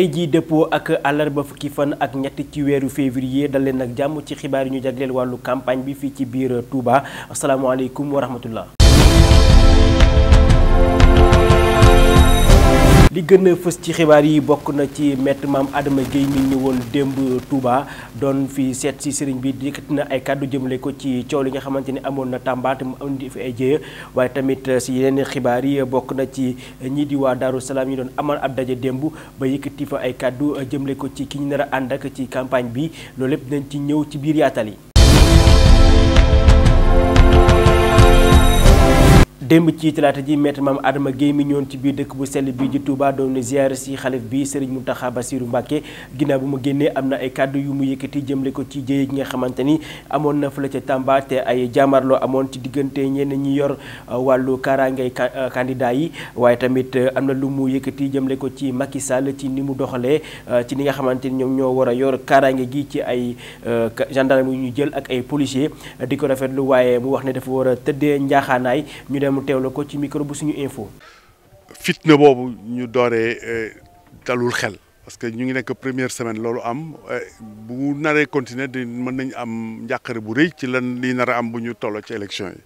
tey jii dëppoo ak àllarba fukki fan ak ñett ci weeru février dal leen ak jàmm ci xibaar yi ñu jagleel wàllu campagne bi fii ci biir Touba asalaamaaleykum wa rahmatullah li gën a fës ci xibaar yi bokk na ci maître Mame Adama Guèye mi ñu woon démb tuuba doon fi seet si sëriñ bi yëkkati na ay kàddu jëmale ko ci coow li nga xamante ni amoon na Tamba te mu indi fi ay jéeya waaye tamit si yenn xibaar yi bokk na ci ñii di waa Daaru Salaam ñu doon amal ab daje démb ba yëkkati fa ay kàddu jëmale ko ci ki ñu nar a ànd ak ci campagne bi loolu lépp dañ ci ñëw ci biir yaatal yi démb ci talaata ji maître maam Adama Guèye mi ñëwoon ci biir dëkk bu sell bii di Touba doon na ziar si xalif bi Serigne Mountakha Bassirou Mbacké ginnaaw bu mu génnee am na ay kàddu yu mu yëkkati jëmle ko ci jëye gi nga xamante ni amoon na fa la ca Tamba te ay jaamarloo amoon ci diggante ñenn ñi yor uh, wàllu kaaraangay uh, candidat yi waaye tamit uh, am na lu mu yëkkati jëmle ko ci Macky Sall ci ni mu doxalee ci ni nga xamante ni ñoom ñoo war a yor kaaraange gi ci ay gendarme yu ñu jël ak ay policiers di ko rafetlu waaye a tëddee mu teewlu ko ci micro bu suñu info. fitna boobu ñu dooree eh, dalul xel parce que ñu ngi nekk première semaine loolu am eh, bu naree continuer di mën nañ am njàqare bu rëy ci lan lii nar a am bu ñu tolloo ci élection yi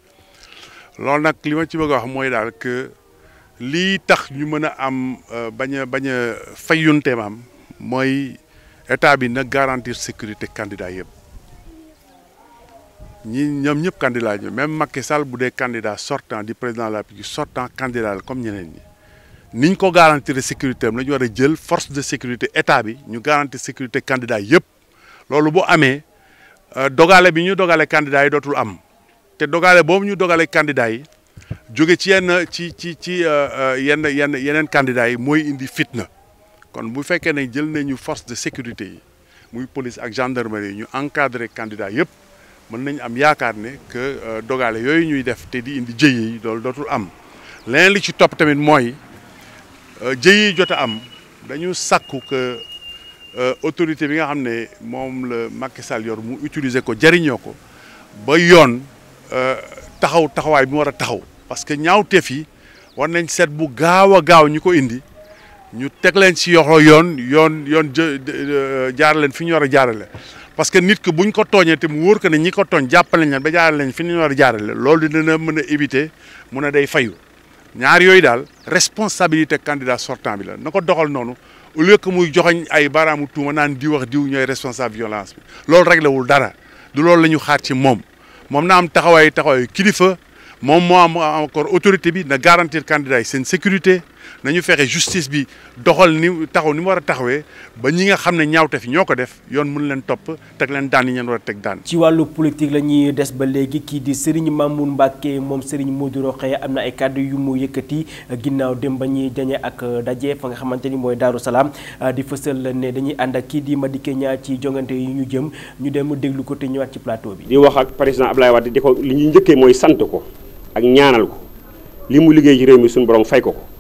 loolu nag li ma ci bëgg a wax mooy daal que lii tax ñu mën a am eh, bañ a bañ a fayyunte am mooy état bi nag garantir sécurité candidat yëpp. ñi ñoom ñëpp candidat ñu même Macky Sall bu dee candidat sortant di président la République sortant candidat la comme ñeneen ñi niñ ko garantir sécurité am la ñu war a jël force de sécurité état bi ñu garantir sécurité candidat yëpp loolu bu amee euh, dogale bi ñu dogale candidat yi dootul am te dogale boobu ñu dogale candidat yi jóge ci yenn ci ci ci euh, euh, yenn yenn yeneen candidat yi mooy indi fitna kon bu fekkee ne jël nañu force de sécurité yi muy police ak gendarmerie ñu encadré candidat yëpp mën nañ am yaakaar ne que euh, dogale yooyu ñuy def te di indi jëye yi dootul am leneen li ci topp tamit mooy euh, jëye yi jot a am dañu sàkku que euh, autorité bi nga xam ne moom la Macky Sall yor mu utiliser ko jëriñoo ko ba yoon taxaw taxawaay bi mu war a taxaw parce que ñaawteef yi war nañ seet bu gaaw a gaaw ñu ko indi ñu teg leen ci yoxo yoon yoon yoon leen fi ñu war a jaarale parce que nit ki buñ ko tooñee te mu wóor ko ne ñi ko tooñ jàppale nañ ba jaarale nañ fi ñu war a jaarale loolu dina mën a éviter mu ne day fayu ñaar yooyu daal responsabilité candidat sortant bi la na ko doxal noonu au lieu que muy joxoñ ay baaraamu tuuma naan di wax diw ñooy responsable violence bi loolu rek wul dara du loolu la ñu xaar ci moom moom na am taxawaay taxawaayu kilifa moom moo am encore autorité bi na garantir candidat seen sécurité nañu fexe justice bi doxal ni taxaw ni mu war a taxawee ba ñi nga xam ne ñaawte fi ñoo ko def yoon mën leen topp teg leen daan ñeen war a teg daan ci wàllu politique la ñuy des ba léegi kii di Serigne Mamoun Mbacke moom Serigne Modou Rokhaya am na ay kàddu yu mu yëkkati ginnaaw dem ba ñuy jañe ak daje fa nga xamante ni mooy Daaru Salaam ah, di fësal ne dañuy ànd ak kii di ma Madické ñaar ci jongante yi ñu jëm ñu dem déglu ko te ñëwaat ci plateau bi di wax ak président Abdoulaye Wade di ko li ñuy njëkkee mooy sant ko ak ñaanal ko li mu liggéey ci réew mi suñu borom fay ko ko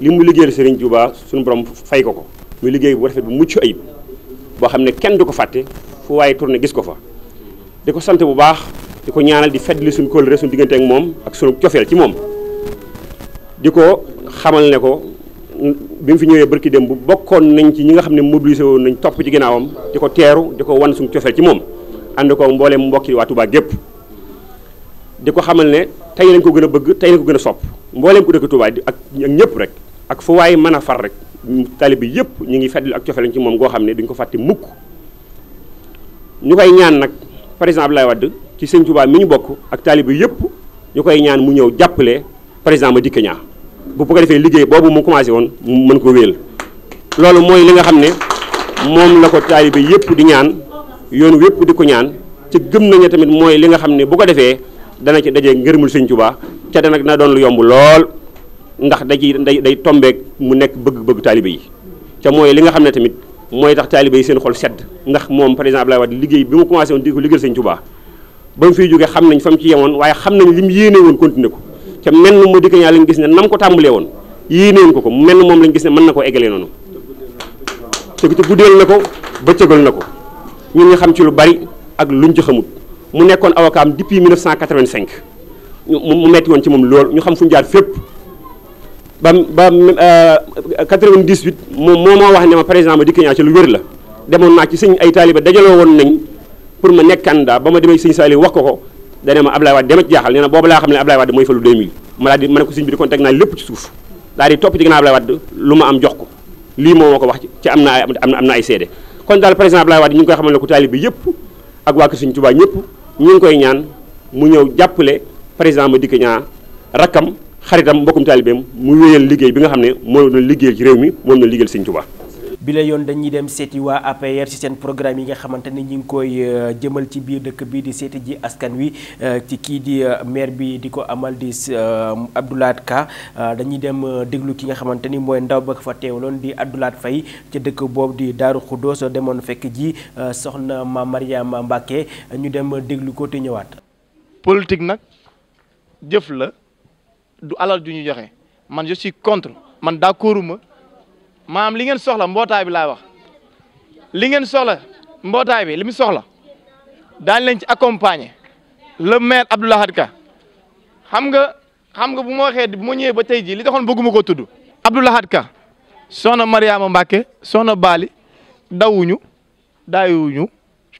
li mu liggéeyal Serigne Touba suñu borom fay ko ko muy liggéey bu rafet bu mucc ayib boo xam ne kenn du ko fàtte fu waaye tourné gis ko fa di ko sant bu baax di ko ñaanal di feddali suñu kóllëre suñu diggante ak moom ak sunu cofeel ci moom di ko xamal ne ko bi mu fi ñëwee barki dem bu bokkoon nañ ci ñi nga xam ne mobilisé woon nañ topp ci ginnaawam di ko teeru di ko wan suñu cofeel ci moom ànd ko mbooleem mbokki waa Touba gépp di ko xamal ne tey lañ ko gën a bëgg tey lañ gën a sopp mbooleem ku dëkk Touba ak ñëpp rek ak fu waaye mën a far rek taalibe bi yëpp ñu ngi fàttali ak cofeel ci moom goo xam ne duñ ko fàtte mukk ñu koy ñaan nag président Abdoulaye Wade ci sëñ Touba mi ñu bokk ak taalibe yëpp ñu koy ñaan mu ñëw jàppale président Madické Niang bu ko defee liggéey boobu mu commencé woon mu mën ko wéel loolu mooy li nga xam ne moom la ko taalibe yëpp di ñaan yoonu yépp di ko ñaan ci gëm nañu tamit mooy li nga xam ne bu ko defee dana ci dajee ngërmul sëñ Touba ca nag na doon lu yomb lool ndax da ciy day day tombeek mu nekk bëgg-bëgg taalibe yi ca mooy li nga xam ne tamit mooy tax taalibe yi seen xol sedd ndax moom par exemple Abdoulaye Wade liggéey bi mu commencé woon di ko liggéeyal Sëñ Tuubaa ba mu fiy jógee xam nañ fa mu ci yemoon waaye xam nañ li mu yéene woon continué ko ca mel gis ne nam ko tàmbalee woon yéene woon ko na moom ne mën na ko eggalee noonu te ci guddeel na ko bëccëgal na ko ñun nga xam ci lu bari ak lu ñu ci xamut mu nekkoon avocat am depuis 1985 mu metti woon ci moom lool ñu xam fu ñu jaar fépp ba ba 98 euh, moom moo wax ne ma par exemple dikk ñaa ci lu wér la demoon naa ci sëñ ay taaliba dajaloo woon nañ pour ma nekk candidat ba ma demee sëñ Saliou wax ko ko dane ma Ablaye Wade dama ci jaaxal nee na boobu laa xam ne Ablaye Wade mooy falu 2000 ma daal di ma ne ko sëñ bi di kon teg naa lépp ci suuf daal di topp ci gannaaw Ablaye Wade lu ma am jox ko lii moo ma ko wax ci am naa am na ay seede kon daal par exemple Ablaye Wade ñu ngi koy ne ko taaliba yëpp ak waa ñu ngi koy ñaan mu ñëw jàppale président ma dikk ñaa rakkam xaritam mbokkum taalibeem mu wéyal liggéey bi nga xam ne moo liggéey liggéeyal ci réew mi moom doon liggéeyal Sëñ bi la yoon dañuy dem seeti waa APR ci seen programme yi nga xamante ni ñu ngi koy euh, jëmal ci biir dëkk bi di seeti ji askan wi euh, ci kii di euh, maire bi di ko amal di Abdoulaat Ka dañuy dem déglu ki nga xamante ni mooy ndaw ba fa teewloon di Abdoulaat fay ca dëkk boobu di Daaru Xuddoos demoon fekk ji soxna ma Mariama Mbàkke ñu dem déglu ko te ñëwaat du alal du ñu joxe man je suis contre man d'accorduma maanaam li ngeen soxla mbootaay bi laay wax li ngeen soxla mbootaay bi li mu soxla daañu leen ci accompagner le maire Abdou Lahad Ka xam nga xam nga bu ma waxee bu ma ñëwee ba tey jii li taxoon bëgguma ko tudd. Abdou Lahad Ka soxna Mariama Mbacke soxna Bali dawuñu daayuñu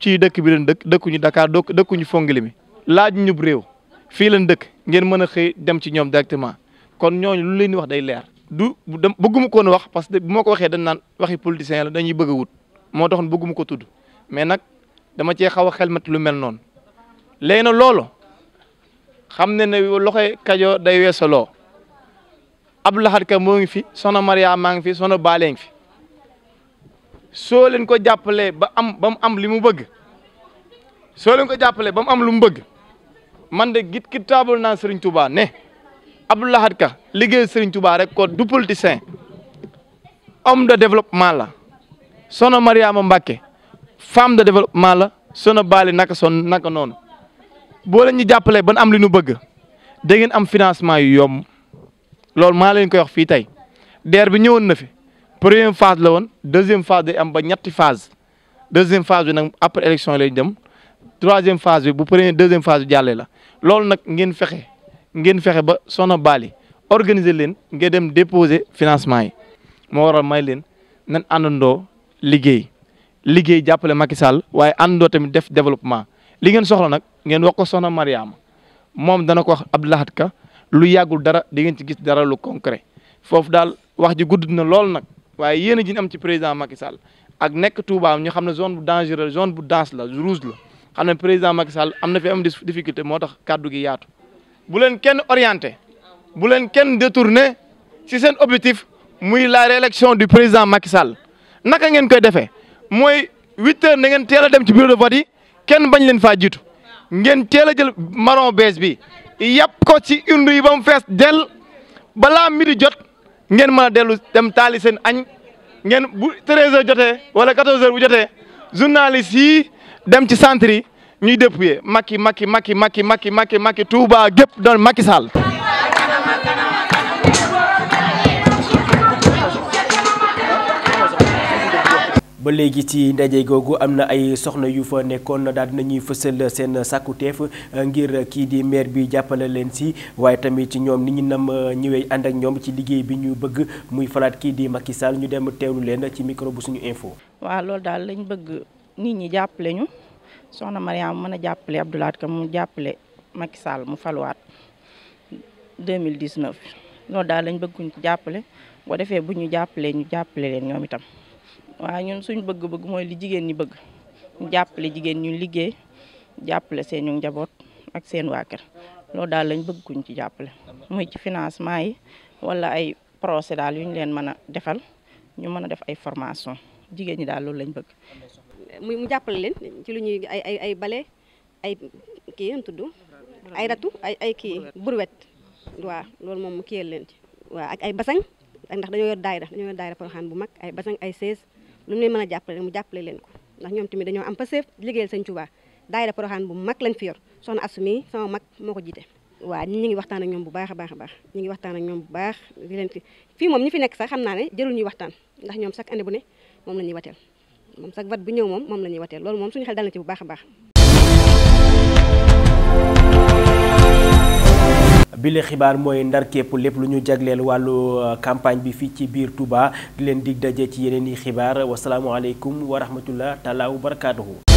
ci dëkk bi leen dëkk dëkkuñu Dakar dëkkuñu Fongolimbi laaj ñub réew fii leen dëkk. ngeen mën a xëy dem ci ñoom directement kon ñooñu lu leen di wax day leer du bëgguma koon wax parce que bu ma ko waxee dañ naan waxi politicien la dañuy bëgg a wut moo taxoon bëgguma ko tudd mais nag dama cee xaw a xelmat lu mel noonu léegi na loolu xam ne ne loxoy kajoor day weesaloo Abdou Lahad Ka moo ngi fi soxna Maria maa ngi fi soxna Baalee ngi fi soo leen ko jàppalee ba am ba mu am li mu bëgg soo leen ko jàppalee ba mu am lu mu bëgg man de git kitaabul naa Serigne Touba ne Abdou Lahad liggéey Serigne Touba rek ko du sen homme de développement la sono Mariama Mbacke femme de développement la sono Bali naka son naka noonu boo leen ñu jàppalee ban am li ñu bëgg da ngeen am financement yu yomb loolu maa leen koy wax fii tey DER bi ñëwoon na fi première phase la woon deuxième phase day am ba ñetti phase deuxième phase bi nag après élection lay dem troisième phase bi bu premier deuxième phase bi jàllee la loolu nag ngeen fexe ngeen fexe ba Soxna Bally organiser leen ngeen dem déposé financement yi moo waral may leen nan àndandoo liggéey liggéey jàppale Macky Sall waaye àndandoo tamit def développement li ngeen soxla nag ngeen wax ko Soxna Mariama moom dana ko wax Abdou Lahad Ka lu yàggul dara di ngeen ci gis dara lu concret foofu daal wax ji gudd na lool nag waaye yéen a ji nam ci président Macky Sall ak nekk Touba ñu xam ne zone bu dangereuse zone bu dense la rouge la. xam ne président Macky am na fi am difficulté moo tax kàddu gi yaatu bu leen kenn orienté bu leen kenn détourné si seen objectif muy la réélection du président Macky Sall naka ngeen koy defee mooy huit heures na ngeen teel a dem ci bureau de vote yi kenn bañ leen faa jitu ngeen teel a jël marron bees bi yàpp ko ci undu yi ba mu fees dell balaa midi jot ngeen mën a dellu dem taali seen añ ngeen bu 13 heures jotee wala 14 heures bu jote journaliste yi dem ci centre yi ñuy dépouiller Macky Macky Macky Macky Macky Macky Macky Touba gépp doon Macky Sall ba léegi ci ndaje googu am na ay soxna yu fa nekkoon daal dinañuy fësal seen sàkkuteef eh, ngir kii di maire bi jàppale leen si waaye tamit ci ñoom ni ñu nam eh, ñëwee ànd ak ñoom ci liggéey bi ñu bëgg muy falaat kii di Macky ñu dem teewlu leen ci micro bu suñu info. waaw loolu daal lañ bëgg. nit ñi jàppale ñu soxna Mariama mën a jàppale Abdoulaye Ka mu jàppale Macky Sall mu faluwaat 2019 loolu daal lañ bëgg ñu jàppale boo defee bu ñu jàppalee ñu jàppale leen ñoom itam waaye ñun suñ bëgg-bëgg mooy li jigéen ñi bëgg ñu jàppale jigéen ñu liggéey jàppale seen ñu njaboot ak seen waa kër loolu daal lañ bëgg kuñ ci jàppale muy ci financement yi wala ay procès daal yu ñu leen mën a defal ñu mën a def ay formation jigéen ñi daal loolu lañ bëgg mu jàppale leen ci lu ñuy ay ay ay bale ay kii yéen tudd ay ratu ay ay kii burwet waaw loolu moom mu kiyal leen ci waaw ak ay basang ak ndax dañoo yor daayira dañoo yor daayira Porokhane bu mag ay basang ay sees lu mu leen mu jàppale leen ko ndax ñoom tamit dañoo am pasef liggéeyal Sëñ Tuubaa daayira Porokhane bu mag lañ fi yor soxna Asumi sama mag moo ko jiite ñu ñu ngi waxtaan ak ñoom bu baax a baax a baax ñi ngi waxtaan a ñoom bu baax di leen fii moom ñi fi nekk sax xam naa ne jërul ñuy waxtaan ndax ñoom chaque année bu ne moom la ñuy wateel moom sax vote bu ñëw moom moom la ñuy wateel loolu moom suñu xel dal na a baax bile xibaar mooy ndar képp lépp lu ñu jagleel wàllu euh, campagne bi fii ci biir tubaa di leen dig daje ci yeneen i xibaar wasalaamualeykum wa rahmatullah taalaa wa